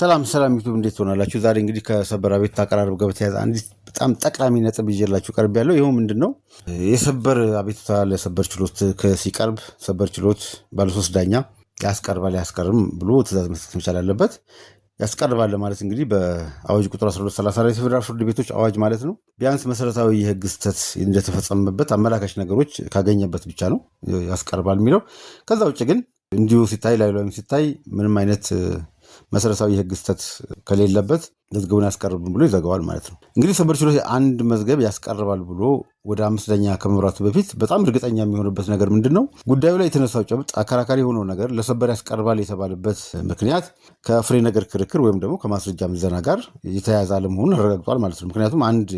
ሰላም ሰላም ዩቱብ እንዴት ሆናላችሁ? ዛሬ እንግዲህ ከሰበራ ቤት አቀራረብ ጋር በተያያዘ አንዲት በጣም ጠቃሚ ነጥብ ይዤላችሁ ቀርብ ያለው ይኸው ምንድን ነው? የሰበር አቤቱታ ለሰበር ችሎት ሲቀርብ ሰበር ችሎት ባለሶስት ዳኛ ያስቀርባል ያስቀርም ብሎ ትእዛዝ መስጠት መቻል አለበት። ያስቀርባል ማለት እንግዲህ በአዋጅ ቁጥር 1230 የፌዴራል ፍርድ ቤቶች አዋጅ ማለት ነው ቢያንስ መሰረታዊ የህግ ስህተት እንደተፈጸመበት አመላካች ነገሮች ካገኘበት ብቻ ነው ያስቀርባል የሚለው። ከዛ ውጭ ግን እንዲሁ ሲታይ ላይላዊም ሲታይ ምንም አይነት መሰረታዊ የህግ ስተት ከሌለበት መዝገቡን ያስቀርብም ብሎ ይዘገዋል ማለት ነው። እንግዲህ ሰበር ችሎት አንድ መዝገብ ያስቀርባል ብሎ ወደ አምስተኛ ከመምራቱ በፊት በጣም እርግጠኛ የሚሆንበት ነገር ምንድን ነው? ጉዳዩ ላይ የተነሳው ጨብጥ አከራካሪ የሆነው ነገር ለሰበር ያስቀርባል የተባለበት ምክንያት ከፍሬ ነገር ክርክር ወይም ደግሞ ከማስረጃ ምዘና ጋር የተያያዘ አለመሆኑን አረጋግጧል ማለት ነው። ምክንያቱም አንድ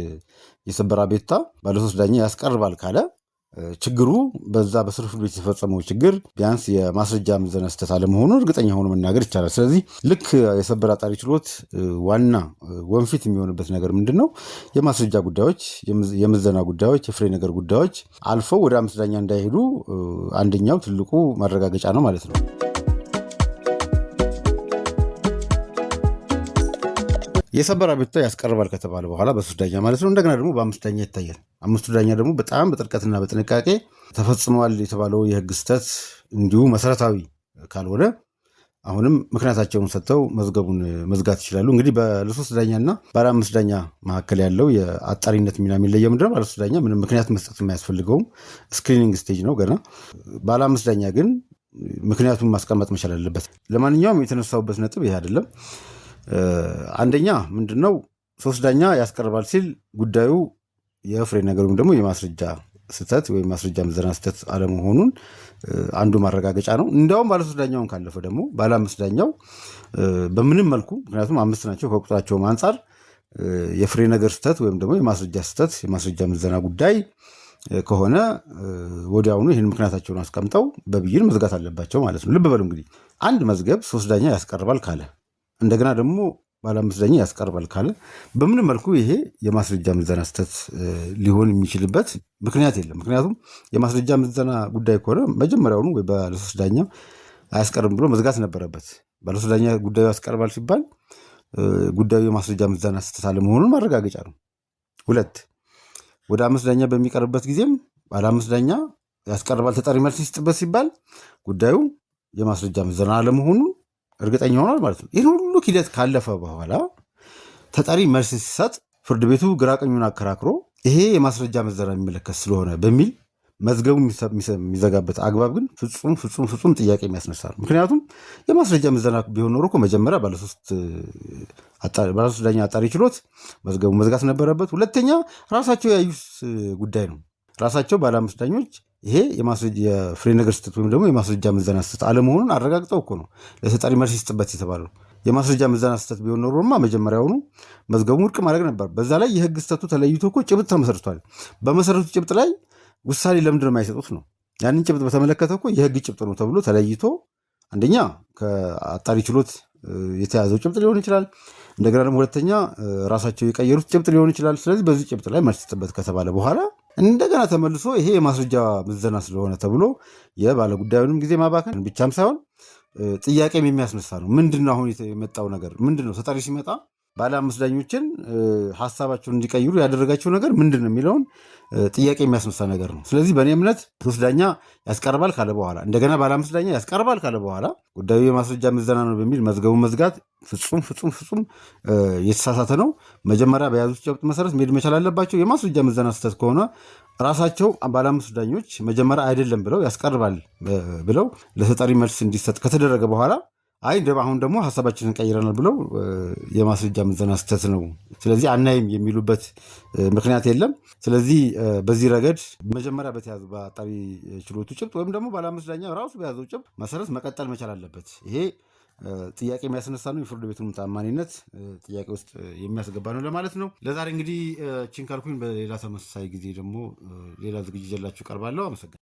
የሰበር አቤቱታ ባለሶስት ዳኛ ያስቀርባል ካለ ችግሩ በዛ በስር ፍርድ ቤት የተፈጸመው ችግር ቢያንስ የማስረጃ ምዘና ስህተት አለመሆኑን እርግጠኛ ሆኖ መናገር ይቻላል። ስለዚህ ልክ የሰበር አጣሪ ችሎት ዋና ወንፊት የሚሆንበት ነገር ምንድን ነው? የማስረጃ ጉዳዮች፣ የምዘና ጉዳዮች፣ የፍሬ ነገር ጉዳዮች አልፈው ወደ አምስት ዳኛ እንዳይሄዱ አንደኛው ትልቁ ማረጋገጫ ነው ማለት ነው። የሰበራ አቤቱታ ያስቀርባል ከተባለ በኋላ በሶስት ዳኛ ማለት ነው። እንደገና ደግሞ በአምስት ዳኛ ይታያል። አምስቱ ዳኛ ደግሞ በጣም በጥልቀትና በጥንቃቄ ተፈጽመዋል የተባለው የህግ ስህተት እንዲሁ መሰረታዊ ካልሆነ አሁንም ምክንያታቸውን ሰጥተው መዝገቡን መዝጋት ይችላሉ። እንግዲህ ባለሶስት ዳኛና ባለአምስት ዳኛ መካከል ያለው የአጣሪነት ሚና የሚለየ ምንድን ባለሶስት ዳኛ ምንም ምክንያት መስጠት የማያስፈልገውም ስክሪኒንግ ስቴጅ ነው ገና። ባለአምስት ዳኛ ግን ምክንያቱን ማስቀመጥ መቻል አለበት። ለማንኛውም የተነሳውበት ነጥብ ይህ አይደለም። አንደኛ ምንድነው ሶስት ዳኛ ያስቀርባል ሲል ጉዳዩ የፍሬ ነገር ወይም ደግሞ የማስረጃ ስህተት ወይም ማስረጃ ምዘና ስህተት አለመሆኑን አንዱ ማረጋገጫ ነው። እንዲያውም ባለሶስት ዳኛውን ካለፈ ደግሞ ባለ አምስት ዳኛው በምንም መልኩ ምክንያቱም አምስት ናቸው ከቁጥራቸውም አንጻር የፍሬ ነገር ስህተት ወይም ደግሞ የማስረጃ ስህተት የማስረጃ ምዘና ጉዳይ ከሆነ ወዲያውኑ ይህን ምክንያታቸውን አስቀምጠው በብይን መዝጋት አለባቸው ማለት ነው። ልብ በሉ እንግዲህ አንድ መዝገብ ሶስት ዳኛ ያስቀርባል ካለ እንደገና ደግሞ ባለአምስት ዳኛ ያስቀርባል ካለ በምንም መልኩ ይሄ የማስረጃ ምዘና ስህተት ሊሆን የሚችልበት ምክንያት የለም። ምክንያቱም የማስረጃ ምዘና ጉዳይ ከሆነ መጀመሪያውኑ ወይ ባለሶስት ዳኛ አያስቀርም ብሎ መዝጋት ነበረበት። ባለሶስት ዳኛ ጉዳዩ ያስቀርባል ሲባል ጉዳዩ የማስረጃ ምዘና ስህተት አለመሆኑን ማረጋገጫ ነው። ሁለት ወደ አምስት ዳኛ በሚቀርብበት ጊዜም ባለአምስት ዳኛ ያስቀርባል ተጠሪ መልስ ይስጥበት ሲባል ጉዳዩ የማስረጃ ምዘና አለመሆኑን እርግጠኛ ሆኗል ማለት ነው። ይህን ሁሉ ሂደት ካለፈ በኋላ ተጠሪ መልስ ሲሰጥ ፍርድ ቤቱ ግራቀኙን አከራክሮ ይሄ የማስረጃ መዘና የሚመለከት ስለሆነ በሚል መዝገቡ የሚዘጋበት አግባብ ግን ፍጹም ፍጹም ፍጹም ጥያቄ የሚያስነሳ ነው። ምክንያቱም የማስረጃ ምዘና ቢሆን ኖሮ መጀመሪያ ባለሶስት ዳኛ አጣሪ ችሎት መዝገቡ መዝጋት ነበረበት። ሁለተኛ ራሳቸው ያዩት ጉዳይ ነው። ራሳቸው ባለአምስት ዳኞች ይሄ የፍሬ ነገር ስህተት ወይም ደግሞ የማስረጃ ምዘና ስህተት አለመሆኑን አረጋግጠው እኮ ነው ለተጠሪ መልስ ይስጥበት የተባለው። የማስረጃ ምዘና ስህተት ቢሆን ኖሮማ መጀመሪያውኑ መዝገቡን ውድቅ ማድረግ ነበር። በዛ ላይ የህግ ስህተቱ ተለይቶ እኮ ጭብጥ ተመሰርቷል። በመሰረቱ ጭብጥ ላይ ውሳኔ ለምንድን ነው የማይሰጡት ነው? ያንን ጭብጥ በተመለከተ እኮ የህግ ጭብጥ ነው ተብሎ ተለይቶ አንደኛ ከአጣሪ ችሎት የተያዘው ጭብጥ ሊሆን ይችላል። እንደገና ደግሞ ሁለተኛ ራሳቸው የቀየሩት ጭብጥ ሊሆን ይችላል። ስለዚህ በዚህ ጭብጥ ላይ መልስ ይስጥበት ከተባለ በኋላ እንደገና ተመልሶ ይሄ የማስረጃ ምዘና ስለሆነ ተብሎ የባለጉዳዩንም ጊዜ ማባከን ብቻም ሳይሆን ጥያቄም የሚያስነሳ ነው። ምንድን ነው አሁን የመጣው ነገር ምንድን ነው? ተጠሪ ሲመጣ ባለ አምስት ዳኞችን ሀሳባቸውን እንዲቀይሩ ያደረጋቸው ነገር ምንድን ነው የሚለውን ጥያቄ የሚያስነሳ ነገር ነው። ስለዚህ በእኔ እምነት ሶስት ዳኛ ያስቀርባል ካለ በኋላ እንደገና ባለ አምስት ዳኛ ያስቀርባል ካለ በኋላ ጉዳዩ የማስረጃ ምዘና ነው በሚል መዝገቡ መዝጋት ፍጹም ፍጹም ፍጹም የተሳሳተ ነው። መጀመሪያ በያዙት ጨብጥ መሰረት መሄድ መቻል አለባቸው። የማስረጃ ምዘና ስህተት ከሆነ ራሳቸው ባለ አምስት ዳኞች መጀመሪያ አይደለም ብለው ያስቀርባል ብለው ለተጠሪ መልስ እንዲሰጥ ከተደረገ በኋላ አይ አሁን ደግሞ ሀሳባችንን ቀይረናል ብለው የማስረጃ ምዘና ስህተት ነው፣ ስለዚህ አናይም የሚሉበት ምክንያት የለም። ስለዚህ በዚህ ረገድ መጀመሪያ በተያዘ በአጣሪ ችሎቱ ጭብጥ ወይም ደግሞ ባለአምስት ዳኛ ራሱ በያዘው ጭብጥ መሰረት መቀጠል መቻል አለበት። ይሄ ጥያቄ የሚያስነሳ ነው፣ የፍርድ ቤቱን ታማኒነት ጥያቄ ውስጥ የሚያስገባ ነው ለማለት ነው። ለዛሬ እንግዲህ ቺን ካልኩኝ፣ በሌላ ተመሳሳይ ጊዜ ደግሞ ሌላ ዝግጅት ያላችሁ ቀርባለሁ። አመሰግናለሁ።